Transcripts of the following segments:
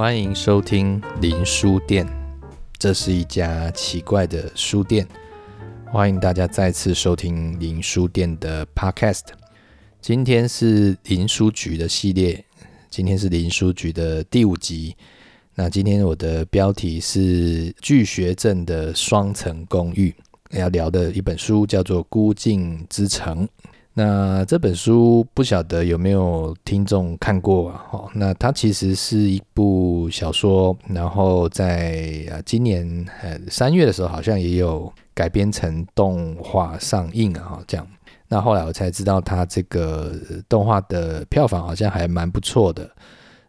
歡迎收聽林書店，這是一家奇怪的書店。歡迎大家再次收聽林書店的 Podcast。今天是林書局的系列，今天是林書局的第五集。那今天我的標題是懼學族的雙層公寓，要聊的一本書叫做《孤鏡之城》。那這本書不曉得有沒有聽眾看過啊？那它其實是一部小說，然後在今年呃三月的時候，好像也有改編成動畫上映啊，這樣，那後來我才知道，它這個動畫的票房好像還蠻不錯的，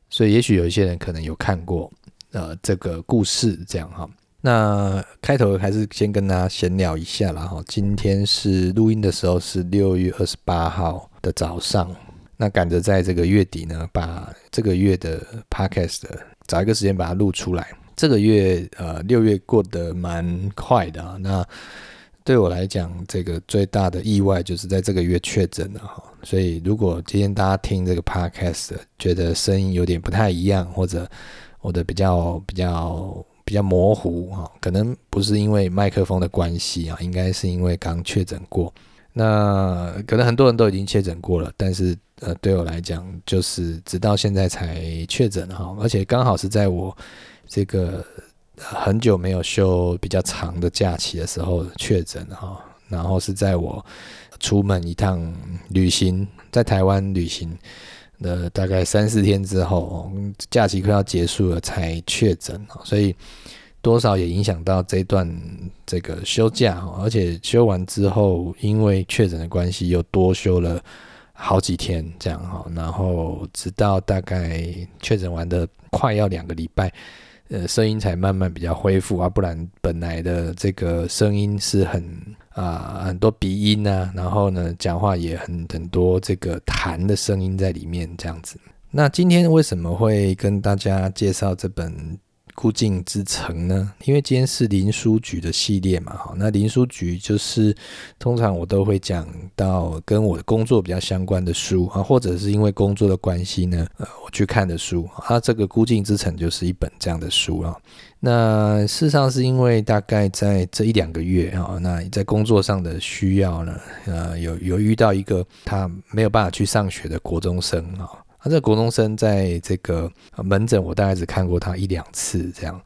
所以也許有一些人可能有看過呃這個故事這樣哈。那開頭還是先跟大家閒聊一下啦。哈。今天是錄音的時候是六月二十八號的早上。那趕着在這個月底呢，把這個月的 podcast 找一個時間把它錄出來。這個月呃，六月過得蠻快的啊。那對我來講，這個最大的意外就是在這個月確診了哈。所以如果今天大家聽這個 podcast，覺得聲音有點不太一樣，或者我的比較比較。比較模糊啊，可能不是因為麥克風的關係啊，應該是因為剛確診過。那可能很多人都已經確診過了，但是呃，對我來講，就是直到現在才確診哈，而且剛好是在我這個很久沒有休比較長的假期的時候確診哈，然後是在我出門一趟旅行，在台灣旅行，大概三四天之後，假期快要結束了才確診，所以多少也影響到這段這個休假，而且休完之後，因為確診的關係又多休了好幾天這樣哈，然後直到大概確診完的快要兩個禮拜，呃，聲音才慢慢比較恢復，啊，不然本來的這個聲音是很。啊，很多鼻音吶、啊，然後呢，講話也很很多這個痰的聲音在裡面，這樣子。那今天為什麼會跟大家介紹這本《孤鏡之城》呢？因為今天是林書局的系列嘛，好，那林書局就是通常我都會講到跟我的工作比較相關的書啊，或者是因為工作的關係呢，呃，我去看的書。啊。這個《孤鏡之城》就是一本這樣的書啊。那事實上是因為大概在這一兩個月啊、哦，那在工作上的需要呢，呃，有有遇到一個他沒有辦法去上學的國中生、哦、啊，那這個國中生在這個門診我大概只看過他一兩次這樣，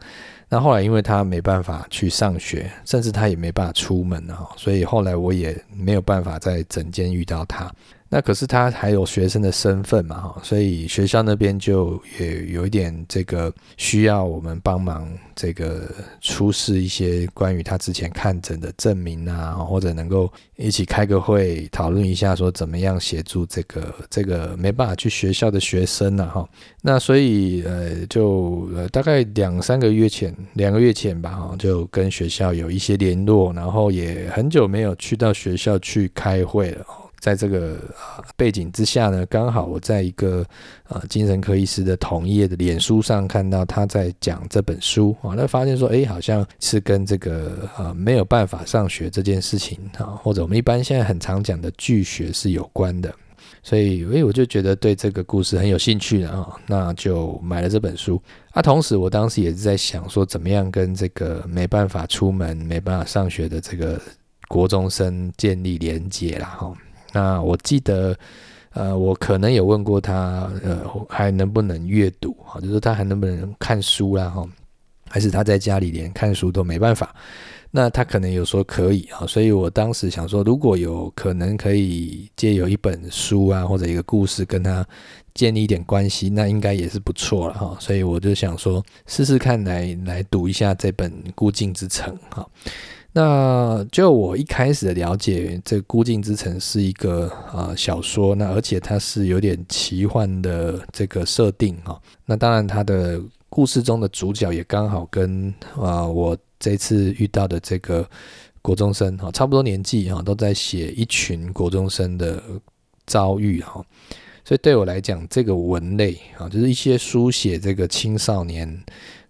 那後來因為他沒辦法去上學，甚至他也沒辦法出門啊、哦，所以後來我也沒有辦法在診間遇到他。那可是他還有學生的身份嘛，哈，所以學校那邊就也有一點這個需要我們幫忙，這個出示一些關於他之前看診的證明啊，或者能夠一起開個會討論一下，說怎麼樣協助這個這個沒辦法去學校的學生啊。哈。那所以呃，就呃大概兩三個月前，兩個月前吧，就跟學校有一些聯絡，然後也很久沒有去到學校去開會了。在這個背景之下呢，剛好我在一個啊精神科醫師的同業的臉書上看到他在講這本書啊，那發現說哎好像是跟這個啊沒有辦法上學這件事情啊，或者我們一般現在很常講的拒學是有關的，所以所以我就覺得對這個故事很有興趣了。啊，那就買了這本書啊。同時我當時也是在想說怎麼樣跟這個沒辦法出門、沒辦法上學的這個國中生建立連結啦哈。那我記得，呃，我可能有問過他，呃，還能不能閱讀啊？就是他還能不能看書啊？哈，還是他在家裡連看書都沒辦法？那他可能有說可以啊，所以我當時想說，如果有可能可以藉由一本書啊，或者一個故事跟他建立一點關係，那應該也是不錯了哈。所以我就想說，試試看來來讀一下這本《孤鏡之城》哈。那就我一開始的了解，這個《孤鏡之城》是一個啊小說，那而且它是有點奇幻的這個設定哈。那當然，它的故事中的主角也剛好跟啊我這次遇到的這個國中生差不多年紀哈，都在寫一群國中生的遭遇哈。所以對我來講，這個文類啊，就是一些書寫這個青少年。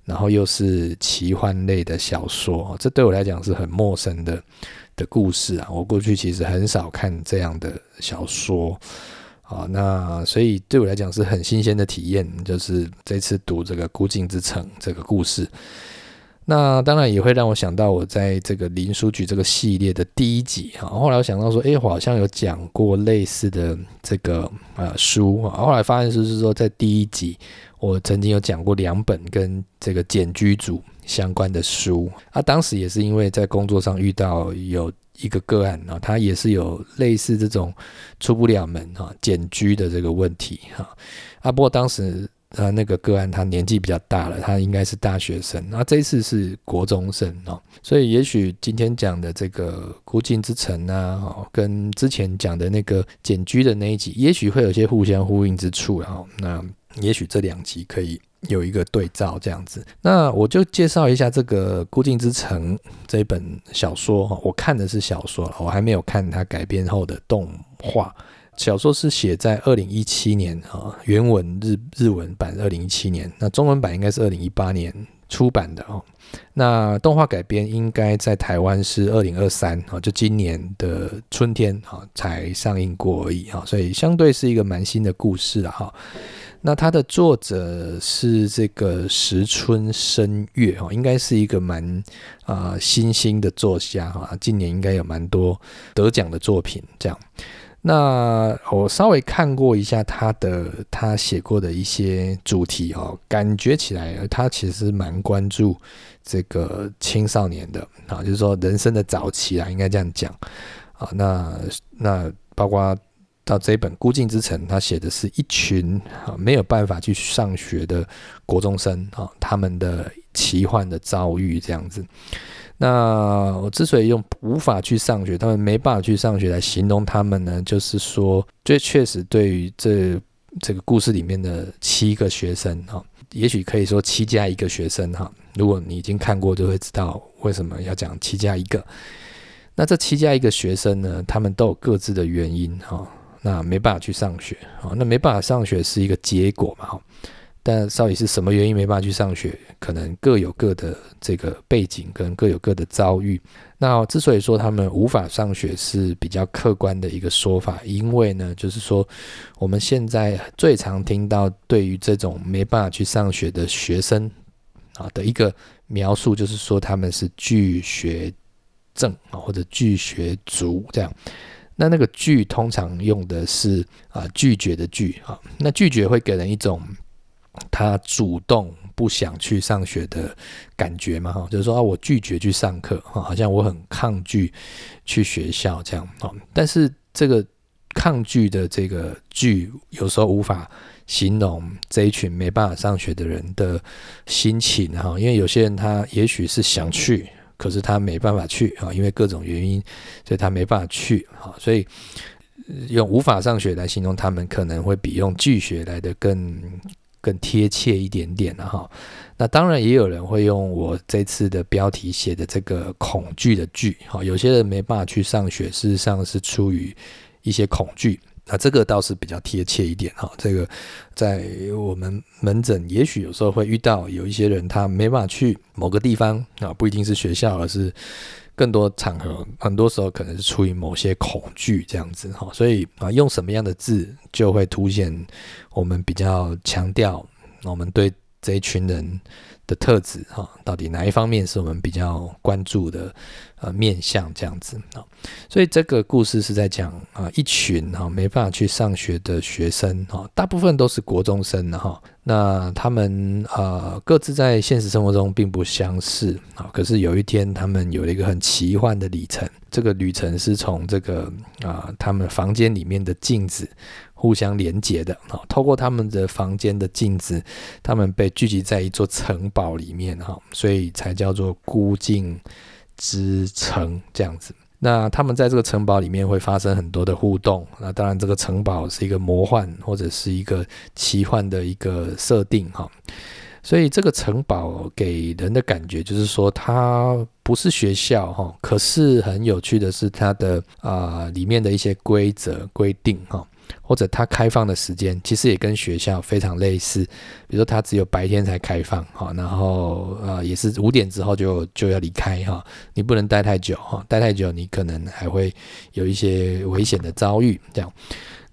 然後又是奇幻類的小說，這對我來講是很陌生的的故事啊。我過去其實很少看這樣的小說好，那所以對我來講是很新鮮的體驗，就是這次讀這個《孤鏡之城》這個故事。那當然也會讓我想到我在這個林書局這個系列的第一集啊。後來我想到說，哎，我好像有講過類似的這個呃書啊。後來發現就是說，在第一集。我曾經有講過兩本跟這個繭居族相關的書啊，當時也是因為在工作上遇到有一個個案啊，他、哦、也是有類似這種出不了門啊繭、哦、居的這個問題哈、哦、啊，不過當時、啊、那個個案他年紀比較大了，他應該是大學生，那、啊、這一次是國中生、哦、所以也許今天講的這個孤鏡之城啊、哦，跟之前講的那個繭居的那一集，也許會有些互相呼應之處，哦、那。也許這兩集可以有一個對照這樣子，那我就介紹一下這個《孤鏡之城》這本小說哈。我看的是小說，我還沒有看它改編後的動畫。小說是寫在二零一七年哈，原文日日文版二零一七年，那中文版應該是二零一八年出版的哈，那動畫改編應該在台灣是二零二三哈，就今年的春天哈，才上映過而已哈，所以相對是一個蠻新的故事了哈。那他的作者是這個辻村深月哈、哦，應該是一個蠻啊、呃、新興的作家哈，今年應該有蠻多得獎的作品這樣。那我稍微看過一下他的他寫過的一些主題哦，感覺起來他其實蠻關注這個青少年的啊，就是說人生的早期啊，應該這樣講啊。那那包括。到這一本《孤鏡之城》，他寫的是一群啊沒有辦法去上學的國中生啊，他們的奇幻的遭遇這樣子。那我之所以用無法去上學，他們沒辦法去上學來形容他們呢，就是說，這確實對於這這個故事裡面的七個學生哈、啊，也許可以說七加一個學生哈、啊。如果你已經看過，就會知道為什麼要講七加一個。那這七加一個學生呢，他們都有各自的原因哈。啊那沒辦法去上學啊，那沒辦法上學是一個結果嘛，哈。但到底是什麼原因沒辦法去上學，可能各有各的這個背景跟各有各的遭遇。那、哦、之所以說他們無法上學是比較客觀的一個說法，因為呢，就是說我們現在最常聽到對於這種沒辦法去上學的學生啊的一個描述，就是說他們是拒學症啊或者拒學族這樣。那那個拒，通常用的是啊拒絕的拒啊，那拒絕會給人一種他主動不想去上學的感覺嘛哈，就是說啊，我拒絕去上課，好像我很抗拒去學校這樣。但是這個抗拒的這個拒，有時候無法形容這一群沒辦法上學的人的心情哈，因為有些人他也許是想去。可是他沒辦法去啊，因為各種原因，所以他沒辦法去啊，所以用無法上學來形容他們，可能會比用拒學來的更更貼切一點點了哈。那當然也有人會用我這次的標題寫的這個恐懼的懼，哈，有些人沒辦法去上學，事實上是出於一些恐懼。那這個倒是比較貼切一點哈，這個在我們門診也許有時候會遇到有一些人，他沒辦法去某個地方啊，不一定是學校，而是更多場合，很多時候可能是出於某些恐懼這樣子哈，所以啊，用什麼樣的字就會凸顯我們比較強調我們對這一群人的特質哈，到底哪一方面是我們比較關注的？呃，面向這樣子。所以這個故事是在講啊，一群哈沒辦法去上學的學生哈，大部分都是國中生的哈。那他們啊、呃，各自在現實生活中並不相識啊。可是有一天，他們有了一個很奇幻的旅程。這個旅程是從這個啊、呃，他們房間裡面的鏡子互相連接的啊，透過他們的房間的鏡子，他們被聚集在一座城堡裡面哈，所以才叫做孤鏡之城這樣子。那他們在這個城堡裡面會發生很多的互動。那當然，這個城堡是一個魔幻或者是一個奇幻的一個設定哈。所以這個城堡給人的感覺就是說，它不是學校哈，可是很有趣的是它的啊、呃、裡面的一些規則規定哈。或者它開放的時間其實也跟學校非常類似，比如說它只有白天才開放哈，然後呃也是五點之後就就要離開哈，你不能待太久哈，待太久你可能還會有一些危險的遭遇。這樣，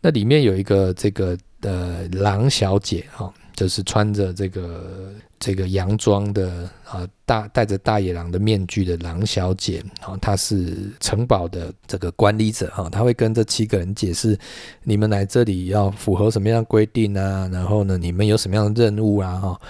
那裡面有一個這個呃狼小姐哈，就是穿着這個。這個洋裝的啊，大戴着大野狼的面具的狼小姐啊，她是城堡的這個管理者哈，她會跟這七個人解釋，你們來這裡要符合什麼樣的規定啊？然後呢，你們有什麼樣的任務啊？哈，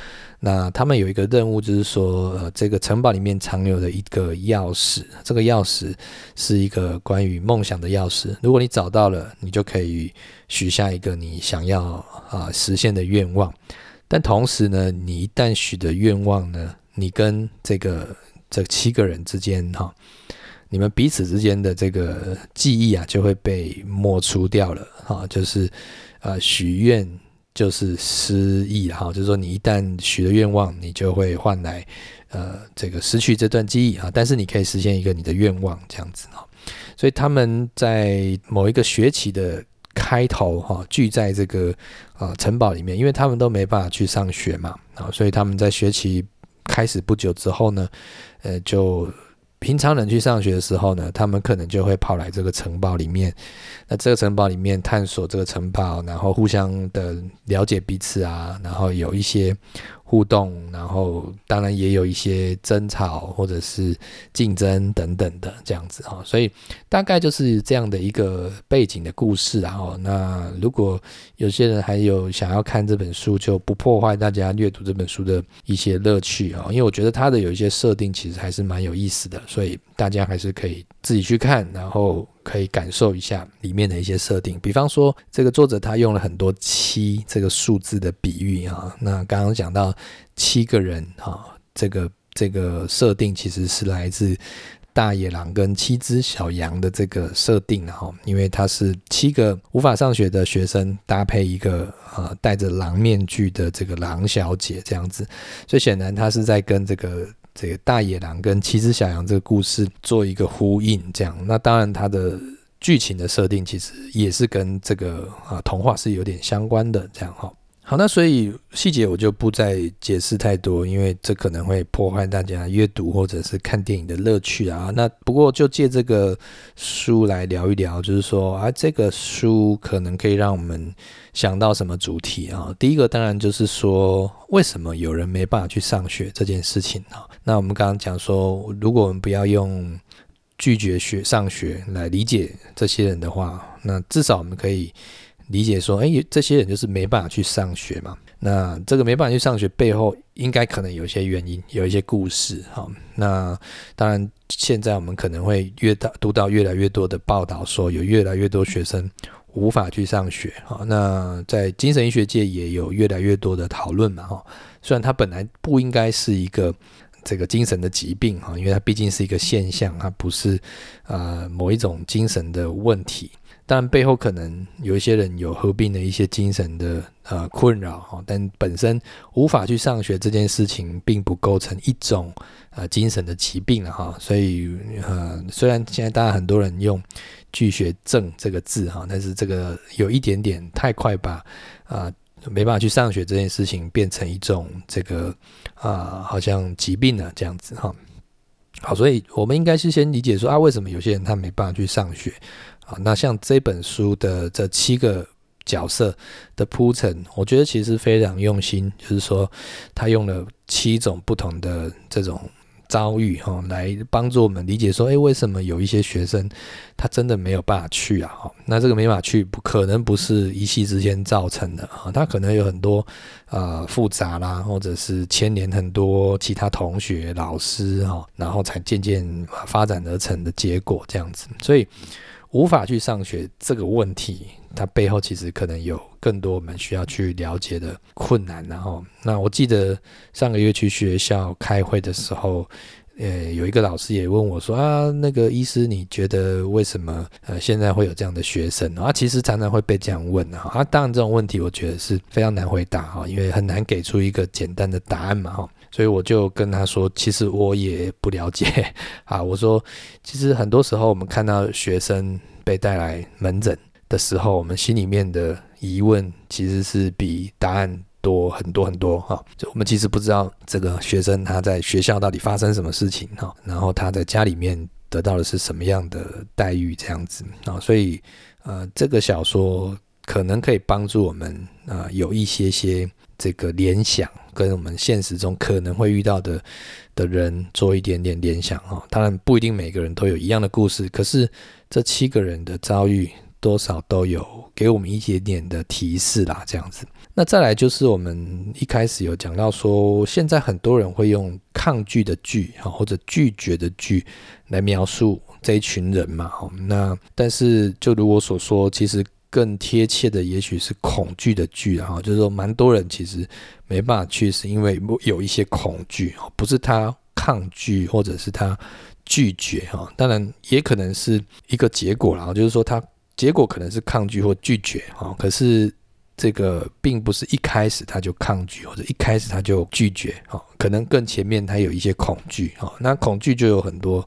那他們有一個任務，就是說，呃，這個城堡裡面藏有的一個鑰匙，這個鑰匙是一個關於夢想的鑰匙，如果你找到了，你就可以許下一個你想要啊、呃、實現的願望。但同時呢，你一旦許的願望呢，你跟這個這七個人之間哈、哦，你們彼此之間的這個記憶啊，就會被抹除掉了哈、哦。就是呃，許願就是失憶哈、哦，就是說你一旦許的願望，你就會換來呃這個失去這段記憶啊、哦。但是你可以實現一個你的願望這樣子啊、哦。所以他們在某一個學期的。開頭哈，聚在這個啊城堡裡面，因為他們都沒辦法去上學嘛，啊，所以他們在學期開始不久之後呢，呃，就平常人去上學的時候呢，他們可能就會跑來這個城堡裡面，那這個城堡裡面探索這個城堡，然後互相的了解彼此啊，然後有一些。互動，然後當然也有一些爭吵或者是競爭等等的這樣子，哦，所以大概就是這樣的一個背景的故事啊。那如果有些人還有想要看這本書，就不破壞大家閱讀這本書的一些樂趣啊，哦，因為我覺得它的有一些設定其實還是蠻有意思的，所以。大家還是可以自己去看，然後可以感受一下裡面的一些設定。比方說，這個作者他用了很多七這個數字的比喻啊。那剛剛講到七個人啊，這個這個設定其實是來自《大野狼跟七隻小羊》的這個設定啊，因為它是七個無法上學的學生搭配一個啊戴着狼面具的這個狼小姐這樣子，所以顯然他是在跟這個。這個大野狼跟七隻小羊這個故事做一個呼應，這樣，那當然它的劇情的設定其實也是跟這個啊童話是有點相關的，這樣哦。好，那所以細節我就不再解釋太多，因為這可能會破壞大家閱讀或者是看電影的樂趣啊。那不過就借這個書來聊一聊，就是說啊，這個書可能可以讓我們想到什麼主題啊？第一個當然就是說，為什麼有人沒辦法去上學這件事情啊？那我們剛剛講說，如果我們不要用拒絕學上學來理解這些人的話，那至少我們可以。理解說，哎，這些人就是沒辦法去上學嘛。那這個沒辦法去上學背後，應該可能有一些原因，有一些故事哈。那當然，現在我們可能會越到讀到越來越多的報道說，說有越來越多學生無法去上學哈。那在精神醫學界也有越來越多的討論嘛哈。雖然它本來不應該是一個這個精神的疾病哈，因為它畢竟是一個現象，它不是呃某一種精神的問題。但背後可能有一些人有合併的一些精神的呃困擾哈，但本身無法去上學這件事情，並不構成一種呃精神的疾病了哈、啊。所以呃，雖然現在大家很多人用拒學症這個字哈、啊，但是這個有一點點太快把啊沒辦法去上學這件事情變成一種這個啊好像疾病了這樣子哈。啊好，所以我們應該是先理解說啊，為什麼有些人他沒辦法去上學？啊，那像這本書的這七個角色的鋪陳，我覺得其實非常用心，就是說他用了七種不同的這種遭遇哈，來幫助我們理解說，哎，為什麼有一些學生他真的沒有辦法去啊？那這個沒法去，不可能不是一夕之間造成的啊，他可能有很多、呃、複雜啦，或者是牽連很多其他同學、老師哈，然後才漸漸發展而成的結果這樣子。所以，無法去上學這個問題，它背後其實可能有。更多我們需要去了解的困難、啊，然後那我記得上個月去學校開會的時候，呃、欸，有一個老師也問我說啊，那個醫師，你覺得為什麼呃現在會有這樣的學生啊？其實常常會被這樣問啊，啊。當然這種問題我覺得是非常難回答哈、啊，因為很難給出一個簡單的答案嘛哈。所以我就跟他說，其實我也不了解啊。我說，其實很多時候我們看到學生被帶來門診的時候，我們心裡面的。疑問其實是比答案多很多很多哈，就我們其實不知道這個學生他在學校到底發生什麼事情哈，然後他在家裡面得到的是什麼樣的待遇這樣子啊，所以呃這個小說可能可以幫助我們啊有一些些這個聯想，跟我們現實中可能會遇到的的人做一點點聯想哈，當然不一定每個人都有一樣的故事，可是這七個人的遭遇。多少都有給我們一點點的提示啦，這樣子。那再來就是我們一開始有講到說，現在很多人會用抗拒的拒啊，或者拒絕的拒來描述這一群人嘛。那但是就如我所說，其實更貼切的也許是恐懼的拒，然後就是說蠻多人其實沒辦法去，是因為有一些恐懼啊，不是他抗拒或者是他拒絕哈。當然也可能是一個結果，然後就是說他。結果可能是抗拒或拒絕，哦，可是這個並不是一開始他就抗拒，或者一開始他就拒絕，哦，可能更前面他有一些恐懼，哦，那恐懼就有很多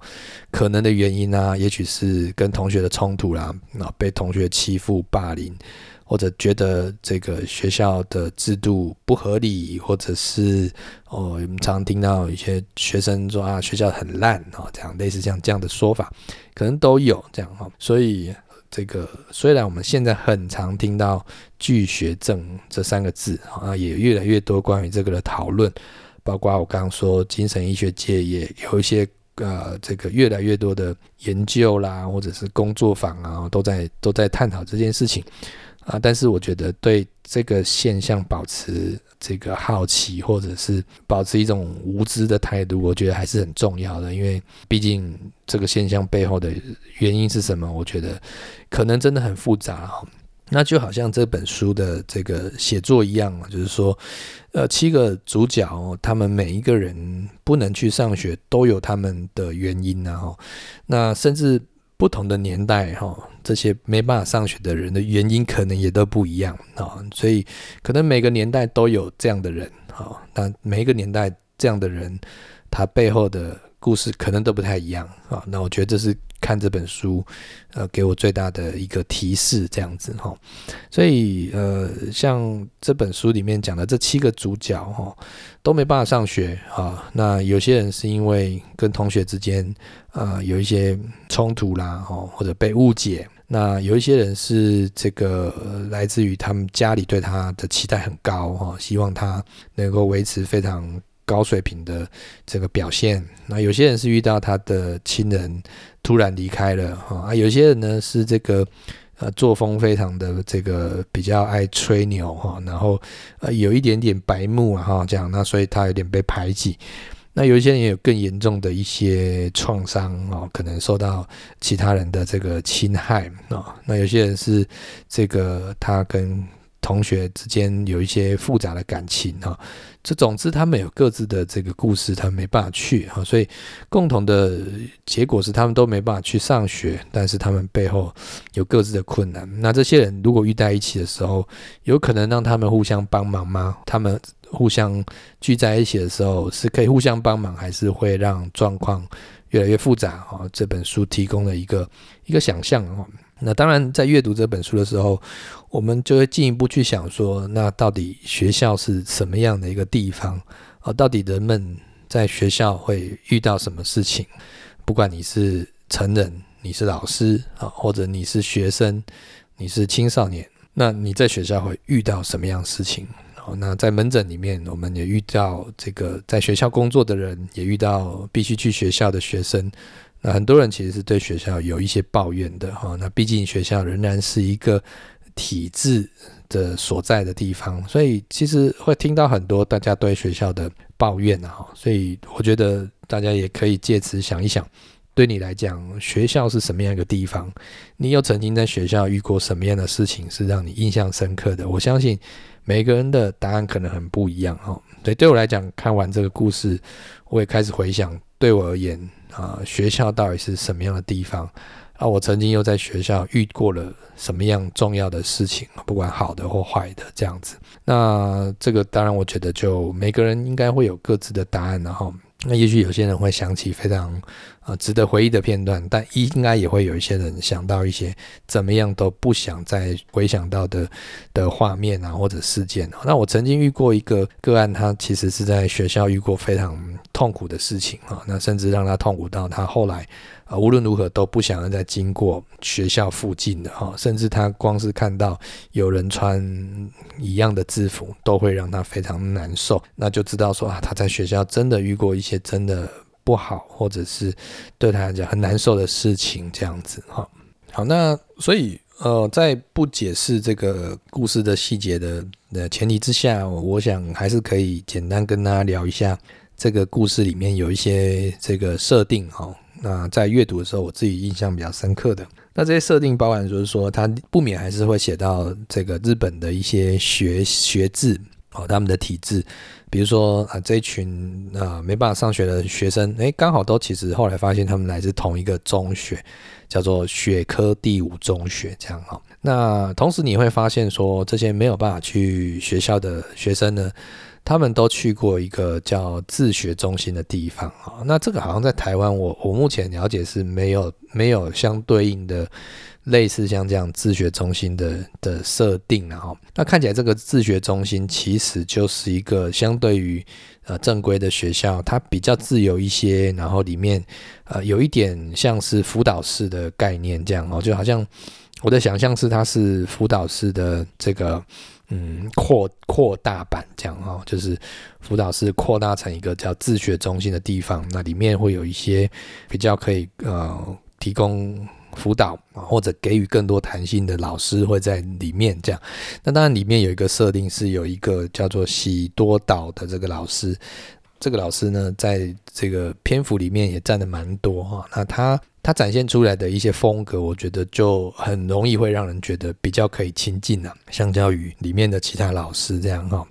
可能的原因啊，也許是跟同學的衝突啦、啊，啊，哦，被同學欺負霸凌，或者覺得這個學校的制度不合理，或者是哦我們常聽到一些學生說啊學校很爛啊，哦，這樣類似像這樣這樣的說法，可能都有這樣哈、哦，所以。這個雖然我們現在很常聽到“拒學症”這三個字啊，也越來越多關於這個的討論，包括我剛剛說精神醫學界也有一些呃，這個越來越多的研究啦，或者是工作坊啊，都在都在探討這件事情。啊，但是我覺得對這個現象保持這個好奇，或者是保持一種無知的態度，我覺得還是很重要的。因為畢竟這個現象背後的原因是什麼，我覺得可能真的很複雜。那就好像這本書的這個寫作一樣嘛，就是說，呃，七個主角他們每一個人不能去上學，都有他們的原因啊，然後那甚至。不同的年代，哈，這些沒辦法上學的人的原因可能也都不一樣啊，所以可能每個年代都有這樣的人，哈，那每一個年代這樣的人，他背後的。故事可能都不太一樣啊，那我覺得這是看這本書，呃，給我最大的一個提示，這樣子哈。所以呃，像這本書裡面講的這七個主角哈，都沒辦法上學啊。那有些人是因為跟同學之間啊、呃，有一些衝突啦，哦，或者被誤解。那有一些人是這個、呃、來自於他們家裡對他的期待很高哈，希望他能夠維持非常。高水平的這個表現，那有些人是遇到他的親人突然離開了哈，啊，有些人呢是這個呃作風非常的這個比較愛吹牛哈、哦，然後呃有一點點白目啊、哦、這樣，那所以他有點被排擠。那有一些人也有更嚴重的一些創傷啊，可能受到其他人的這個侵害啊、哦。那有些人是這個他跟。同學之間有一些複雜的感情哈，這總之他們有各自的這個故事，他們沒辦法去哈，所以共同的結果是他們都沒辦法去上學，但是他們背後有各自的困難。那這些人如果遇在一起的時候，有可能讓他們互相幫忙嗎？他們互相聚在一起的時候，是可以互相幫忙，還是會讓狀況越來越複雜哈，這本書提供了一個一個想象哈，那當然，在閱讀這本書的時候。我們就會進一步去想說，那到底學校是什麼樣的一個地方啊？到底人們在學校會遇到什麼事情？不管你是成人，你是老師啊，或者你是學生，你是青少年，那你在學校會遇到什麼樣的事情？哦，那在門診裡面，我們也遇到這個在學校工作的人，也遇到必須去學校的學生。那很多人其實是對學校有一些抱怨的哈。那畢竟學校仍然是一個。體制的所在的地方，所以其實會聽到很多大家對學校的抱怨啊，所以我覺得大家也可以借此想一想，對你來講，學校是什麼樣一個地方？你又曾經在學校遇過什麼樣的事情是讓你印象深刻的？我相信每個人的答案可能很不一樣啊。所以對我來講，看完這個故事，我也開始回想，對我而言啊，學校到底是什麼樣的地方？啊，我曾經又在學校遇過了什麼樣重要的事情，不管好的或壞的這樣子。那這個當然，我覺得就每個人應該會有各自的答案啊，然後那也許有些人會想起非常，呃，值得回憶的片段，但應該也會有一些人想到一些怎麼樣都不想再回想到的的畫面啊或者事件啊。那我曾經遇過一個個案，他其實是在學校遇過非常。痛苦的事情啊，那甚至讓他痛苦到他後來啊、呃，無論如何都不想要再經過學校附近的哈，甚至他光是看到有人穿一樣的制服，都會讓他非常難受。那就知道說啊，他在學校真的遇過一些真的不好，或者是對他來講很難受的事情，這樣子哈。好，那所以呃，在不解釋這個故事的細節的呃前提之下，我想還是可以簡單跟大家聊一下。這個故事裡面有一些這個設定哈、哦，那在閱讀的時候，我自己印象比較深刻的那這些設定，包含就是說，他不免還是會寫到這個日本的一些學學制哦，他們的體制，比如說啊，這群啊沒辦法上學的學生，誒，剛好都其實後來發現他們來自同一個中學，叫做雪科第五中學這樣哈、哦。那同時你會發現說，這些沒有辦法去學校的學生呢，他們都去過一個叫自學中心的地方啊，那這個好像在台灣，我我目前了解是沒有沒有相對應的類似像這樣自學中心的的設定。然後那看起來這個自學中心其實就是一個相對於呃正規的學校，它比較自由一些，然後裡面呃有一點像是輔導式的概念這樣哦，就好像我的想象是它是輔導式的這個。嗯，擴擴大版這樣啊，就是輔導室擴大成一個叫自學中心的地方，那裡面會有一些比較可以呃提供輔導或者給予更多彈性的老師會在裡面這樣。那當然裡面有一個設定是有一個叫做喜多島的這個老師，這個老師呢在這個篇幅裡面也占得蠻多哈，那他。他展現出來的一些風格，我覺得就很容易會讓人覺得比較可以親近呢，啊，相較於裡面的其他老師這樣哈、哦。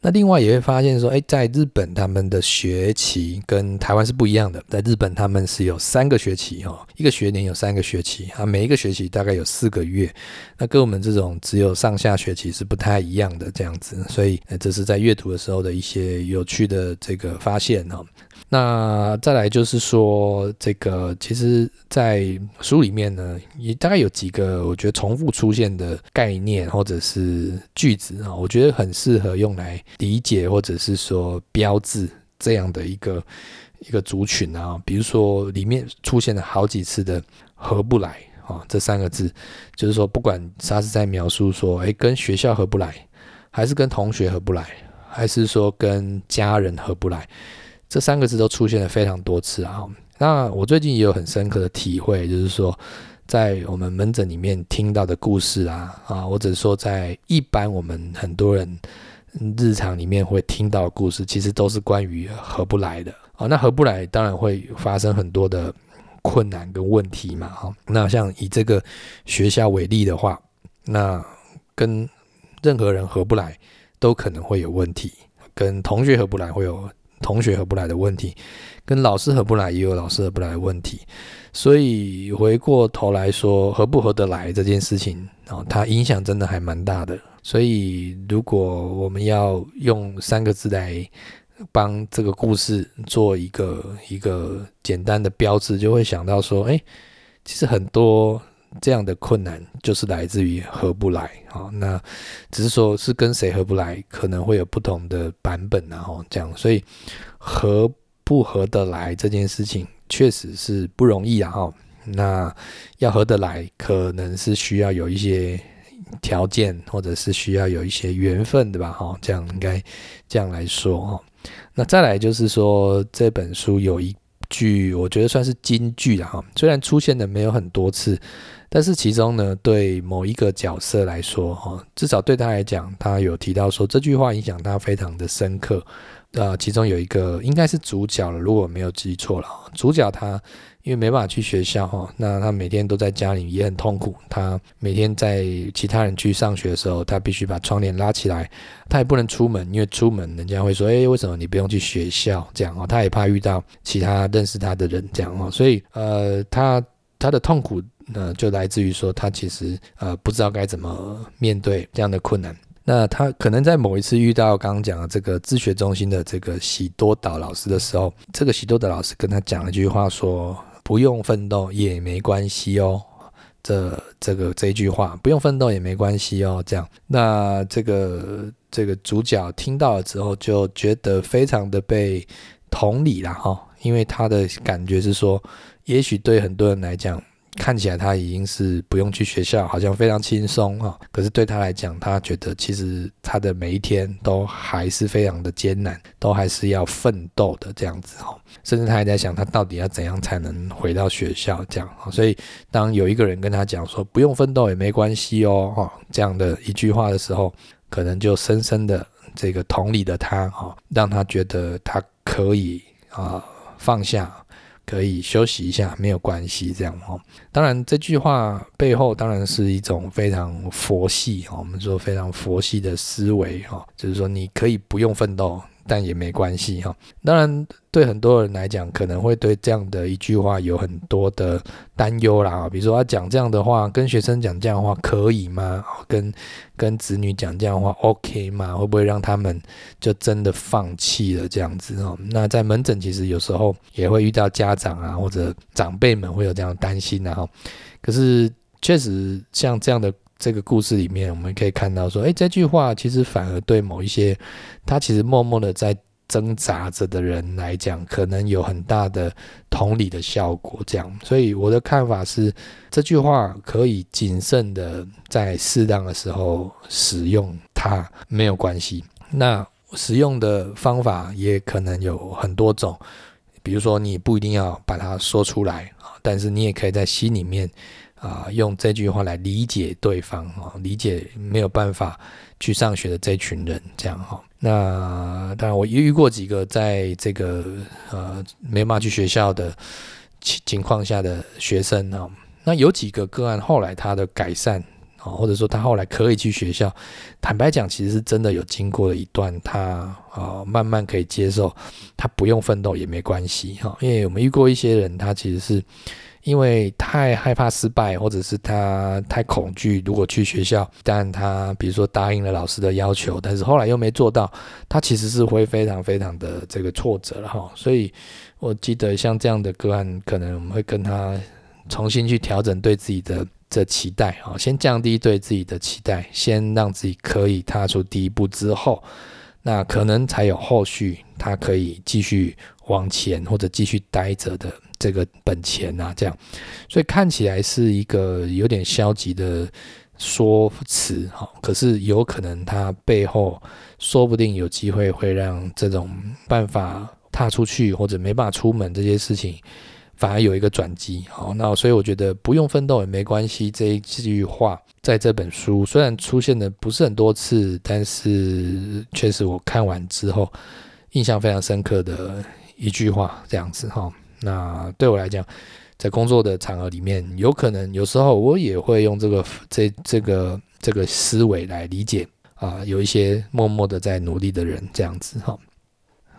那另外也會發現說，誒，在日本他們的學期跟台灣是不一樣的，在日本他們是有三個學期哈、哦，一個學年有三個學期啊，每一個學期大概有四個月，那跟我們這種只有上下學期是不太一樣的這樣子，所以這是在閱讀的時候的一些有趣的這個發現哈、哦。那再來就是說，這個其實，在書裡面呢，也大概有幾個我覺得重複出現的概念，或者是句子啊，我覺得很適合用來理解，或者是說標誌這樣的一個一個族群啊。比如說裡面出現了好幾次的“合不來”啊這三個字，就是說不管他是在描述說，哎，跟學校合不來，還是跟同學合不來，還是說跟家人合不來。這三個字都出現了非常多次啊！那我最近也有很深刻的體會，就是說，在我們門診裡面聽到的故事啊，啊，或者說在一般我們很多人日常裡面會聽到的故事，其實都是關於合不來的哦、啊。那合不來，當然會發生很多的困難跟問題嘛！啊，那像以這個學校為例的話，那跟任何人合不來，都可能會有問題；跟同學合不來，會有。同學合不來的問題，跟老師合不來也有老師合不來的問題，所以回過頭來說，合不合得來這件事情，然後它影響真的還蠻大的。所以如果我們要用三個字來幫這個故事做一個一個簡單的標誌，就會想到說，哎、欸，其實很多。這樣的困難就是來自於合不來啊，那只是說是跟誰合不來，可能會有不同的版本啊，然後這樣，所以合不合得來這件事情確實是不容易啊，哈，那要合得來，可能是需要有一些條件，或者是需要有一些緣分的吧，哈，這樣應該這樣來說。那再來就是說這本書有一句，我覺得算是金句了啊，哈，雖然出現的沒有很多次。但是其中呢，對某一個角色來說，哈，至少對他來講，他有提到說這句話影響他非常的深刻。呃，其中有一個應該是主角了，如果沒有記錯了，主角他因為沒辦法去學校哈，那他每天都在家裡也很痛苦。他每天在其他人去上學的時候，他必須把窗簾拉起來，他也不能出門，因為出門人家會說，哎，為什麼你不用去學校？這樣哦，他也怕遇到其他認識他的人這樣哈，所以呃，他他的痛苦。那就來自於說，他其實呃不知道該怎麼面對這樣的困難。那他可能在某一次遇到剛剛講的這個自學中心的這個喜多島老師的時候，這個喜多島老師跟他講了一句話說，說不用奮鬥也沒關係哦。這這個這一句話，不用奮鬥也沒關係哦，這樣。那這個這個主角聽到了之後，就覺得非常的被同理了哈、哦，因為他的感覺是說，也許對很多人來講。看起來他已經是不用去學校，好像非常輕鬆哈。可是對他來講，他覺得其實他的每一天都還是非常的艱難，都還是要奮鬥的這樣子哈。甚至他還在想，他到底要怎樣才能回到學校這樣。所以當有一個人跟他講說“不用奮鬥也沒關係哦”哈，這樣的一句話的時候，可能就深深的這個同理了他哈，讓他覺得他可以啊放下。可以休息一下，沒有關係，這樣哦，當然，這句話背後當然是一種非常佛系哈，我們說非常佛系的思維哈，就是說你可以不用奮鬥。但也沒關係哈。當然，對很多人來講，可能會對這樣的一句話有很多的擔憂啦。比如說，他、啊、講這樣的話，跟學生講這樣的話可以嗎？跟跟子女講這樣的話，OK 嗎？會不會讓他們就真的放棄了這樣子？哦，那在門診其實有時候也會遇到家長啊，或者長輩們會有這樣擔心啊。可是，確實像這樣的。這個故事裡面，我們可以看到說，誒，這句話其實反而對某一些他其實默默的在掙扎着的人來講，可能有很大的同理的效果。這樣，所以我的看法是，這句話可以謹慎的在適當的時候使用它，沒有關係。那使用的方法也可能有很多種，比如說你不一定要把它說出來啊，但是你也可以在心裡面。啊，用這句話來理解對方哦、啊，理解沒有辦法去上學的這群人，這樣哈、啊。那當然，我遇過幾個在這個呃、啊、沒辦法去學校的情情況下的學生哈、啊。那有幾個個案，後來他的改善啊，或者說他後來可以去學校。坦白講，其實是真的有經過了一段他啊慢慢可以接受，他不用奮鬥也沒關係哈、啊。因為我們遇過一些人，他其實是。因為太害怕失敗，或者是他太恐懼，如果去學校，但他比如說答應了老師的要求，但是後來又沒做到，他其實是會非常非常的這個挫折了哈。所以我記得像這樣的個案，可能我們會跟他重新去調整對自己的這個期待啊，先降低對自己的期待，先讓自己可以踏出第一步之後，那可能才有後續他可以繼續往前或者繼續待着的。這個本錢啊，這樣，所以看起來是一個有點消極的說辭哈。可是有可能它背後說不定有機會會讓這種辦法踏出去，或者沒辦法出門這些事情，反而有一個轉機。好，那所以我覺得不用奮鬥也沒關係這一句話，在這本書雖然出現的不是很多次，但是確實我看完之後印象非常深刻的一句話，這樣子哈。那對我來講，在工作的場合裡面，有可能有時候我也會用這個這這個這個思維來理解啊，有一些默默的在努力的人這樣子哈。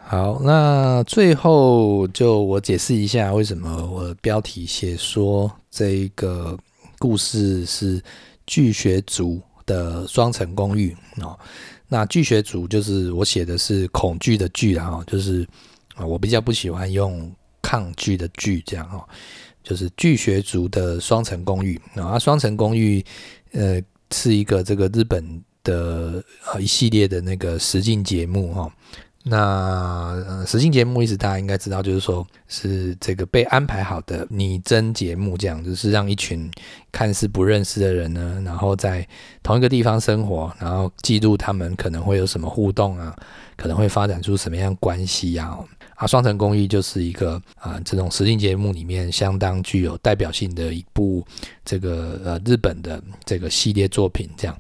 好，那最後就我解釋一下，為什麼我標題寫說這一個故事是懼學族的雙層公寓。那懼學族就是我寫的是恐懼的懼啊，就是啊，我比較不喜歡用。抗拒的拒，這樣哦，就是《拒學族》的雙層公寓啊。雙層公寓，呃，是一個這個日本的呃一系列的那個實境節目哈。那實境節目，意思大家應該知道，就是說是這個被安排好的擬真節目，這樣就是讓一群看似不認識的人呢，然後在同一個地方生活，然後記錄他們可能會有什麼互動啊，可能會發展出什麼樣關係呀、啊。啊，雙層公寓就是一個啊，這種實境節目裡面相當具有代表性的一部這個呃、啊、日本的這個系列作品，這樣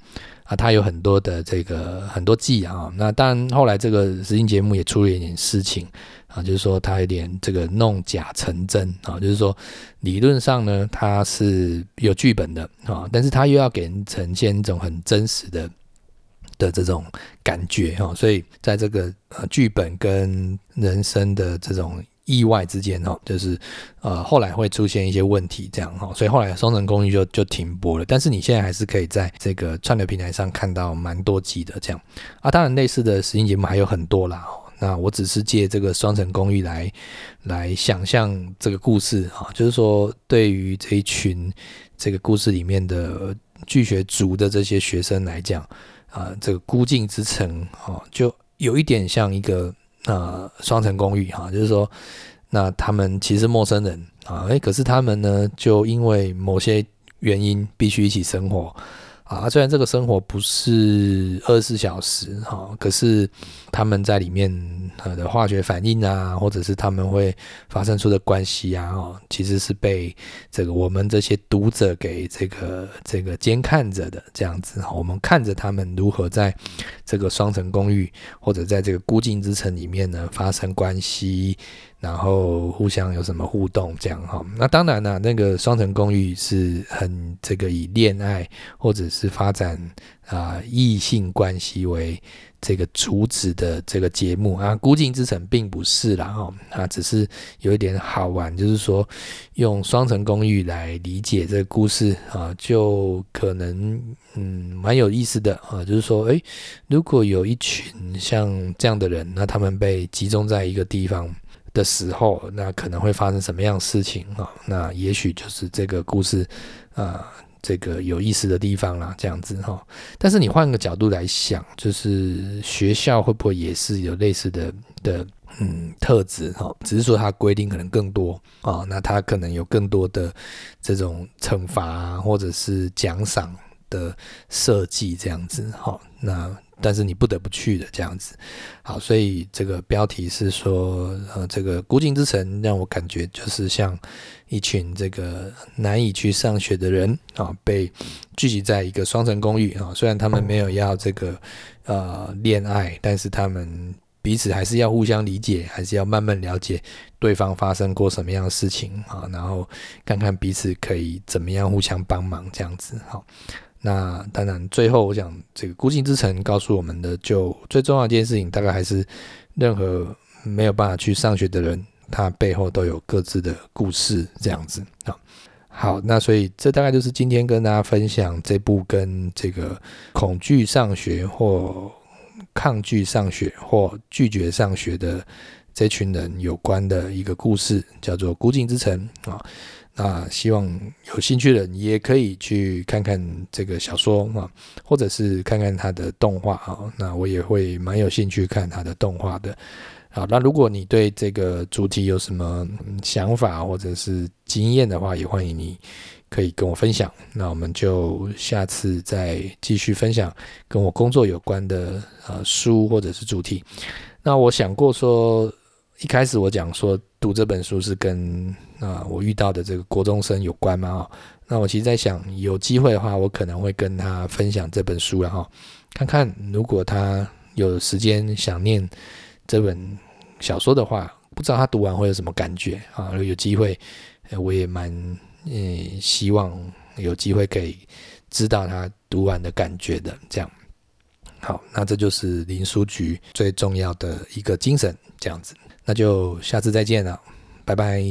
啊，它有很多的這個很多季啊，啊。那當然後來這個實境節目也出了一點事情啊，就是說它有點這個弄假成真啊，就是說理論上呢，它是有劇本的啊，但是它又要給人呈現一種很真實的。的這種感覺哈，所以在這個呃劇本跟人生的這種意外之間哈，就是呃後來會出現一些問題這樣哈，所以後來《雙層公寓》就就就停播了。但是你現在還是可以在這個串流平台上看到蠻多集的這樣啊。當然類似的實境節目還有很多啦。那我只是借這個《雙層公寓》來來來想象這個故事啊，就是說對於這一群這個故事裡面的懼學族的這些學生來講。啊，這個孤鏡之城啊，哦，就有一點像一個啊雙層公寓哈，啊，就是說，那他們其實陌生人啊，哎，欸，可是他們呢，就因為某些原因必須一起生活啊。雖然這個生活不是二十四小時哈，啊，可是他們在裡面。呃的化學反應啊，或者是他們會發生出的關係啊，哦，其實是被這個我們這些讀者給這個這個監看着的這樣子，我們看着他們如何在這個雙層公寓或者在這個孤鏡之城裡面呢發生關係，然後互相有什麼互動這樣哈。那當然了啊，那個雙層公寓是很這個以戀愛或者是發展。啊，異性關係為這個主旨的這個節目啊，《孤鏡之城》並不是啦。啊，它只是有一點好玩，就是說用雙層公寓來理解這個故事啊，就可能嗯蠻有意思的啊，就是說，哎、欸，如果有一群像這樣的人，那他們被集中在一個地方的時候，那可能會發生什麼樣的事情啊？那也許就是這個故事啊。這個有意思的地方啦，這樣子哈。但是你換個角度來想，就是學校會不會也是有類似的的嗯特質哈？只是說它規定可能更多啊，那它可能有更多的這種懲罰啊或者是獎賞的設計這樣子好、哦，那但是你不得不去的這樣子，好，所以這個標題是說，呃，這個孤鏡之城讓我感覺就是像一群這個難以去上學的人啊、哦，被聚集在一個雙層公寓啊、哦，雖然他們沒有要這個呃戀愛，但是他們彼此還是要互相理解，還是要慢慢了解對方發生過什麼樣的事情啊、哦，然後看看彼此可以怎麼樣互相幫忙這樣子好。哦那當然，最後我想，這個《孤鏡之城》告訴我們的就最重要一件事情，大概還是任何沒有辦法去上學的人，他背後都有各自的故事這樣子啊。嗯、好，那所以這大概就是今天跟大家分享這部跟這個恐懼上學或抗拒上學或拒絕上學的這群人有關的一個故事，叫做《孤鏡之城》啊。那、啊、希望有興趣的人也可以去看看這個小說啊，或者是看看他的動畫啊。那我也會蠻有興趣看他的動畫的。好，那如果你對這個主題有什麼想法或者是經驗的話，也歡迎你可以跟我分享。那我們就下次再繼續分享跟我工作有關的啊，書或者是主題。那我想過說。一開始我講說，讀這本書是跟啊我遇到的這個國中生有關嘛啊，那我其實在想，有機會的話，我可能會跟他分享這本書，然後看看如果他有時間想念這本小說的話，不知道他讀完會有什麼感覺啊？如果有機會，我也蠻嗯希望有機會可以知道他讀完的感覺的這樣。好，那這就是林書局最重要的一個精神這樣子。那就下次再見了，拜拜。